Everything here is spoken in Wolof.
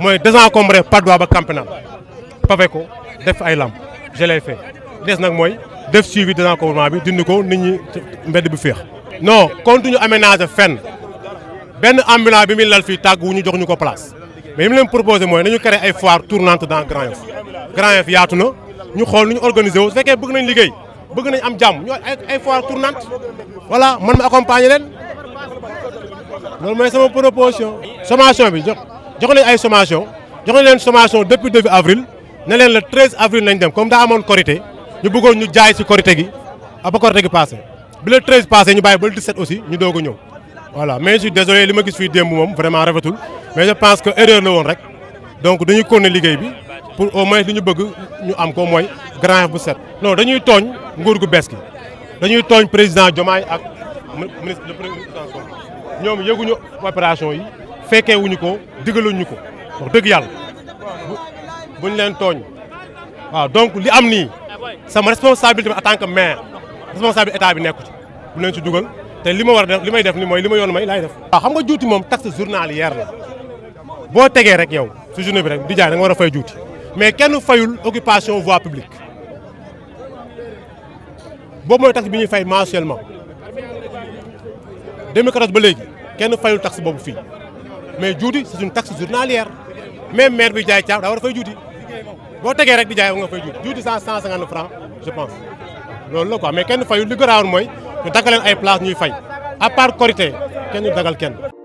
mooy désencombré Padois ba campénal pavé def ay lamp je l'ai fait des nak moy def suivi désencombrement bi dindi ko nit ñi mbedd bu féex. non kontu ñu aménager fenn ben ambulant bi mi lal fi tàgg wu ñu jox ñuko place mais li leen proposer moy nañu créer ay foire tournante dans Grand Yoff Grand Yoff yaatuna ñu xol ñu organiser wu féké fekkee bëgg nañ liggéey bëgg nañ am jamm ñu ay foire tournante voilà man ma accompagner leen loolu moy sama proposition somation bi jox jox nañ ay sommation jox nañ leen sommation depuis 2 avril ne leen le 13 avril nañ dem comme daa amoon korité ñu bëggoon ñu jaay si korité gi ba korité gi passé bi le 13 passé ñu bàyyi ba le 17 aussi ñu doog a voilà mais je suis désolé li ma gis fii démb moom vraiment tout, mais je pense que erreur la woon rek donc dañuy continuer liggéey bi pour au moins nous ñu bëgg ñu am ko mooy Grand Yoff bu set. non dañuy tooñ nguur gu bees dañuy tooñ président Diomaye ak ministre de la Présidence. ñoom yëguñu opération yi féké wuñu ko digaluñu ko wax dëgg yalla buñ leen togn waaw donc li am ni sama responsabilité en tant que maire responsable état bi nekkuti bu ci dugal té def ni moy may lay def. xam nga juuti mom taxe journalière la eu tégué rek yow si bi rek di jaay nga wara fay mais kenn fayul occupation voie publique bo moy taxe bi ñuy fay mensuellement ba légui kenn fayul taxe bobu mais juuti c'est une taxe journalière même maire bi jaay caaf daa war a fay juuti boo tegee rek di jaay nga fay juuti juuti cent cent cinquante francs je pense loolu la quoi mais kenn fayu li gëraawoon mooy ñu daggaleen ay place ñuy fay à part Korité kenn ñu dagal kenn